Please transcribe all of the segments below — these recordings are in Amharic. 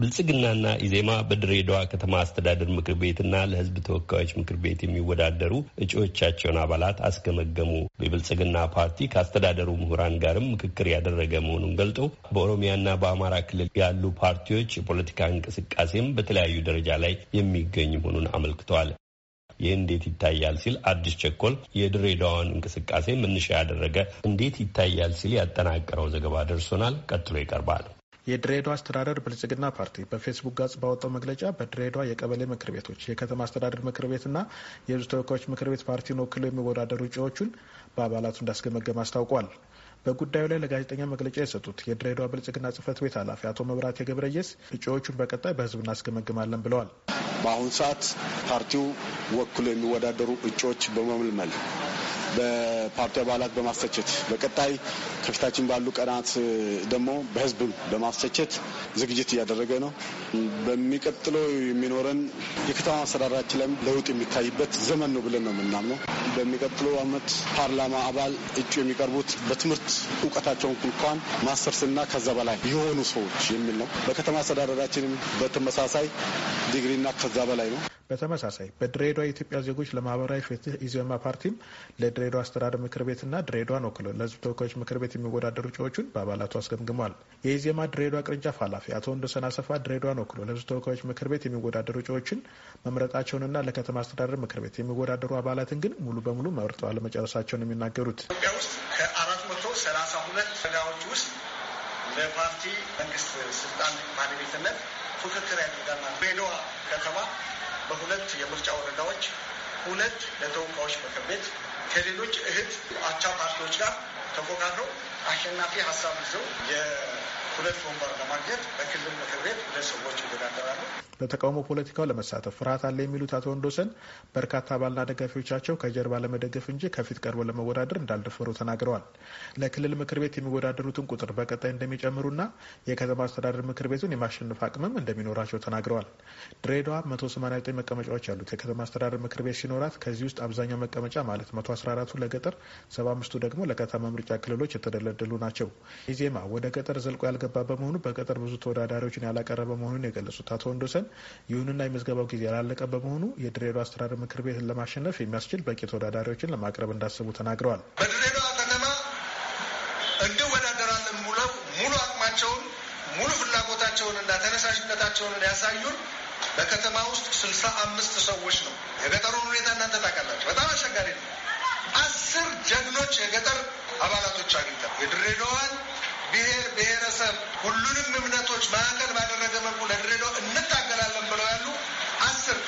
ብልጽግናና ኢዜማ በድሬዳዋ ከተማ አስተዳደር ምክር ቤትና ለሕዝብ ተወካዮች ምክር ቤት የሚወዳደሩ እጩዎቻቸውን አባላት አስገመገሙ። የብልጽግና ፓርቲ ከአስተዳደሩ ምሁራን ጋርም ምክክር ያደረገ መሆኑን ገልጦ በኦሮሚያና በአማራ ክልል ያሉ ፓርቲዎች የፖለቲካ እንቅስቃሴም በተለያዩ ደረጃ ላይ የሚገኝ መሆኑን አመልክተዋል። ይህ እንዴት ይታያል ሲል አዲስ ቸኮል የድሬዳዋን እንቅስቃሴ መነሻ ያደረገ እንዴት ይታያል ሲል ያጠናቀረው ዘገባ ደርሶናል። ቀጥሎ ይቀርባል። የድሬዳዋ አስተዳደር ብልጽግና ፓርቲ በፌስቡክ ገጽ ባወጣው መግለጫ በድሬዳዋ የቀበሌ ምክር ቤቶች፣ የከተማ አስተዳደር ምክር ቤትና የሕዝብ ተወካዮች ምክር ቤት ፓርቲን ወክለው የሚወዳደሩ እጩዎቹን በአባላቱ እንዳስገመገም አስታውቋል። በጉዳዩ ላይ ለጋዜጠኛ መግለጫ የሰጡት የድሬዳዋ ብልጽግና ጽህፈት ቤት ኃላፊ አቶ መብራት ገብረየስ እጩዎቹን በቀጣይ በህዝብ እናስገመግማለን ብለዋል። በአሁን ሰዓት ፓርቲው ወክሎ የሚወዳደሩ እጩዎች በመመልመል በፓርቲ አባላት በማስተቸት በቀጣይ ከፊታችን ባሉ ቀናት ደግሞ በህዝብም በማስተቸት ዝግጅት እያደረገ ነው። በሚቀጥለው የሚኖረን የከተማ አስተዳደራችን ላይ ለውጥ የሚታይበት ዘመን ነው ብለን ነው የምናምነው። በሚቀጥለው አመት ፓርላማ አባል እጩ የሚቀርቡት በትምህርት እውቀታቸውን እንኳን ማስተርስና ከዛ በላይ የሆኑ ሰዎች የሚል ነው። በከተማ አስተዳደራችንም በተመሳሳይ ዲግሪና ከዛ በላይ ነው። በተመሳሳይ በድሬዳዋ የኢትዮጵያ ዜጎች ለማህበራዊ ፍትህ ኢዜማ ፓርቲም የድሬዳዋ አስተዳደር ምክር ቤትና ድሬዳዋን ወክሎ ለህዝብ ተወካዮች ምክር ቤት የሚወዳደሩ እጩዎቹን በአባላቱ አስገምግሟል። የኢዜማ ድሬዳዋ ቅርንጫፍ ኃላፊ አቶ ወንዶሰን አሰፋ ድሬዳዋን ወክሎ ለህዝብ ተወካዮች ምክር ቤት የሚወዳደሩ እጩዎችን መምረጣቸውንና ለከተማ አስተዳደር ምክር ቤት የሚወዳደሩ አባላትን ግን ሙሉ በሙሉ መርጠው አለመጨረሳቸውን የሚናገሩት ኢትዮጵያ ውስጥ ከአራት መቶ ሰላሳ ሁለት ወረዳዎች ውስጥ ለፓርቲ መንግስት ስልጣን ባለቤትነት ፉክክር ያደርጋል። ድሬዳዋ ከተማ በሁለት የምርጫ ወረዳዎች ሁለት ለተወካዮች ምክር ቤት ከሌሎች እህት አቻ ፓርቲዎች ጋር ተቆቃቅረው አሸናፊ ሀሳብ ይዘው የሁለት ወንበር ለማግኘት በክልል ምክር ቤት ሁለት ሰዎች ይወዳደራሉ። በተቃውሞ ፖለቲካው ለመሳተፍ ፍርሃት አለ የሚሉት አቶ ወንዶሰን በርካታ አባልና ደጋፊዎቻቸው ከጀርባ ለመደገፍ እንጂ ከፊት ቀርቦ ለመወዳደር እንዳልደፈሩ ተናግረዋል። ለክልል ምክር ቤት የሚወዳደሩትን ቁጥር በቀጣይ እንደሚጨምሩና የከተማ አስተዳደር ምክር ቤቱን የማሸነፍ አቅምም እንደሚኖራቸው ተናግረዋል። ድሬዳዋ 189 መቀመጫዎች ያሉት የከተማ አስተዳደር ምክር ቤት ሲኖራት ከዚህ ውስጥ አብዛኛው መቀመጫ ማለት 114ቱ ለገጠር፣ 75ቱ ደግሞ ለከተማ ምርጫ ክልሎች የተደለደሉ ናቸው። ኢዜማ ወደ ገጠር ዘልቆ ያልገባ በመሆኑ በገጠር ብዙ ተወዳዳሪዎችን ያላቀረበ መሆኑን የገለጹት አቶ ወንዶሰን ይሁንና የምዝገባው ጊዜ ያላለቀ በመሆኑ የድሬዳዋ አስተዳደር ምክር ቤትን ለማሸነፍ የሚያስችል በቂ ተወዳዳሪዎችን ለማቅረብ እንዳስቡ ተናግረዋል። በድሬዳዋ ከተማ እንደወዳደራለን ብለው ሙሉ አቅማቸውን ሙሉ ፍላጎታቸውን እና ተነሳሽነታቸውን ያሳዩን በከተማ ውስጥ ስልሳ አምስት ሰዎች ነው። የገጠሩን ሁኔታ እናንተ ታውቃላችሁ። በጣም አስቸጋሪ ነው። አስር ጀግኖች የገጠር አባላቶች አግኝተን የድሬዳዋን ብሔር ብሔረሰብ ሁሉንም እምነቶች ማዕከል ባደረገ መልኩ ለድሬዳዋ እንታገላለን ብለው ያሉ አስር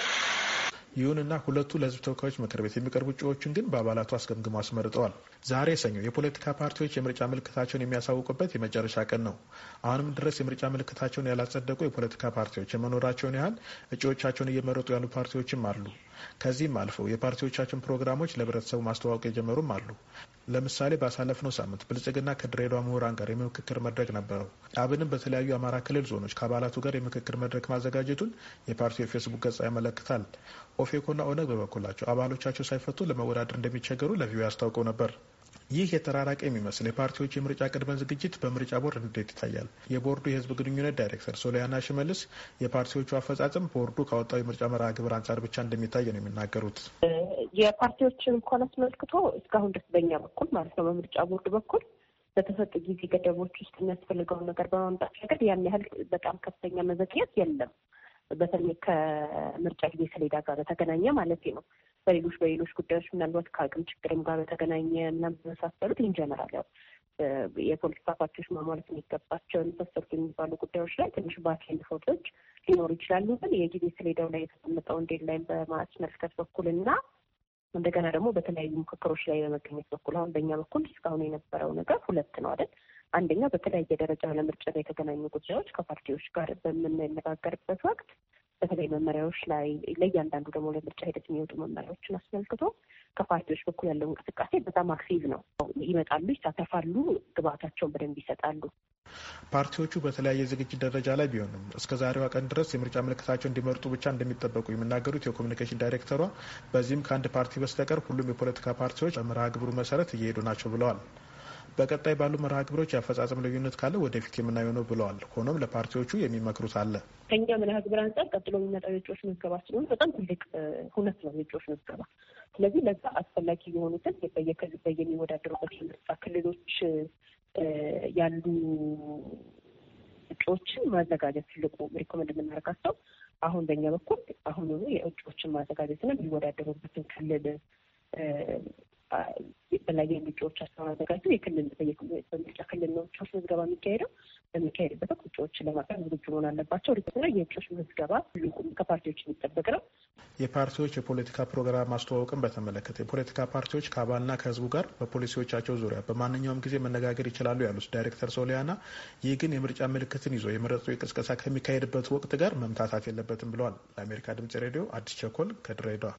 ይሁንና ሁለቱ ለሕዝብ ተወካዮች ምክር ቤት የሚቀርቡ እጩዎችን ግን በአባላቱ አስገምግመው አስመርጠዋል። ዛሬ ሰኞ የፖለቲካ ፓርቲዎች የምርጫ ምልክታቸውን የሚያሳውቁበት የመጨረሻ ቀን ነው። አሁንም ድረስ የምርጫ ምልክታቸውን ያላጸደቁ የፖለቲካ ፓርቲዎች የመኖራቸውን ያህል እጩዎቻቸውን እየመረጡ ያሉ ፓርቲዎችም አሉ። ከዚህም አልፈው የፓርቲዎቻችን ፕሮግራሞች ለህብረተሰቡ ማስተዋወቅ የጀመሩም አሉ። ለምሳሌ ባሳለፍነው ሳምንት ብልጽግና ከድሬዳዋ ምሁራን ጋር የምክክር መድረክ ነበረው። አብንም በተለያዩ የአማራ ክልል ዞኖች ከአባላቱ ጋር የምክክር መድረክ ማዘጋጀቱን የፓርቲው የፌስቡክ ገጽ ያመለክታል። ኦፌኮና ኦነግ በበኩላቸው አባሎቻቸው ሳይፈቱ ለመወዳደር እንደሚቸገሩ ለቪዮ አስታውቀው ነበር። ይህ የተራራቀ የሚመስል የፓርቲዎች የምርጫ ቅድመ ዝግጅት በምርጫ ቦርድ እንዴት ይታያል? የቦርዱ የህዝብ ግንኙነት ዳይሬክተር ሶሊያና ሽመልስ የፓርቲዎቹ አፈጻጸም ቦርዱ ካወጣው የምርጫ መርሃ ግብር አንጻር ብቻ እንደሚታይ ነው የሚናገሩት። የፓርቲዎችን እንኳን አስመልክቶ እስካሁን ደስ በኛ በኩል ማለት ነው በምርጫ ቦርድ በኩል በተሰጡ ጊዜ ገደቦች ውስጥ የሚያስፈልገውን ነገር በማምጣት ረገድ ያን ያህል በጣም ከፍተኛ መዘግየት የለም። በተለይ ከምርጫ ጊዜ ሰሌዳ ጋር በተገናኘ ማለት ነው። በሌሎች በሌሎች ጉዳዮች ምናልባት ከአቅም ችግርም ጋር በተገናኘ እና በመሳሰሉት ኢንጀነራል ያው የፖለቲካ ፓርቲዎች ማሟላት የሚገባቸው የመሳሰሉት የሚባሉ ጉዳዮች ላይ ትንሽ ባኬንድ ፎቶች ሊኖሩ ይችላሉ። ግን የጊዜ ሰሌዳው ላይ የተቀመጠው እንዴት ላይ በማዕድ መልከት በኩልና እንደገና ደግሞ በተለያዩ ምክክሮች ላይ በመገኘት በኩል አሁን በእኛ በኩል እስካሁን የነበረው ነገር ሁለት ነው አይደል? አንደኛ በተለያየ ደረጃ ለምርጫ የተገናኙ ጉዳዮች ከፓርቲዎች ጋር በምንነጋገርበት ወቅት በተለይ መመሪያዎች ላይ ለእያንዳንዱ ደግሞ ለምርጫ ሂደት የሚወጡ መመሪያዎችን አስመልክቶ ከፓርቲዎች በኩል ያለው እንቅስቃሴ በጣም አክቲቭ ነው። ይመጣሉ፣ ይሳተፋሉ፣ ግብአታቸውን በደንብ ይሰጣሉ። ፓርቲዎቹ በተለያየ ዝግጅት ደረጃ ላይ ቢሆንም እስከ ዛሬዋ ቀን ድረስ የምርጫ ምልክታቸው እንዲመርጡ ብቻ እንደሚጠበቁ የሚናገሩት የኮሚኒኬሽን ዳይሬክተሯ፣ በዚህም ከአንድ ፓርቲ በስተቀር ሁሉም የፖለቲካ ፓርቲዎች በመርሃ ግብሩ መሰረት እየሄዱ ናቸው ብለዋል። በቀጣይ ባሉ መርሃ ግብሮች የአፈጻጸም ልዩነት ካለ ወደፊት የምናየው ነው ብለዋል። ሆኖም ለፓርቲዎቹ የሚመክሩት አለ። ከኛ መርሃ ግብር አንጻር ቀጥሎ የሚመጣው የእጩዎች ምዝገባ ስለሆነ በጣም ትልቅ ሁነት ነው የእጩዎች ምዝገባ። ስለዚህ ለዛ አስፈላጊ የሆኑትን በየከዚህ የሚወዳደሩበት የምርጫ ክልሎች ያሉ እጩዎችን ማዘጋጀት ትልቁ ሪኮመንድ የምናደርጋቸው አሁን በእኛ በኩል አሁን ሆኖ የእጩዎችን ማዘጋጀትና የሚወዳደሩበትን ክልል የተለያዩ ምንጮቻቸውን አዘጋጁ። የክልል በምርጫ ክልል ነው ምርጫዎች ምዝገባ የሚካሄደው በሚካሄድበት ወቅት እጩዎች ለማቅረብ ዝግጁ መሆን አለባቸው። ላይ የእጩዎች ምዝገባ ሁሉም ከፓርቲዎች የሚጠበቅ ነው። የፓርቲዎች የፖለቲካ ፕሮግራም ማስተዋወቅን በተመለከተ የፖለቲካ ፓርቲዎች ከአባልና ከህዝቡ ጋር በፖሊሲዎቻቸው ዙሪያ በማንኛውም ጊዜ መነጋገር ይችላሉ ያሉት ዳይሬክተር ሶሊያና፣ ይህ ግን የምርጫ ምልክትን ይዞ የመረጡ የቅስቀሳ ከሚካሄድበት ወቅት ጋር መምታታት የለበትም ብለዋል። ለአሜሪካ ድምጽ ሬዲዮ አዲስ ቸኮል ከድሬዳዋ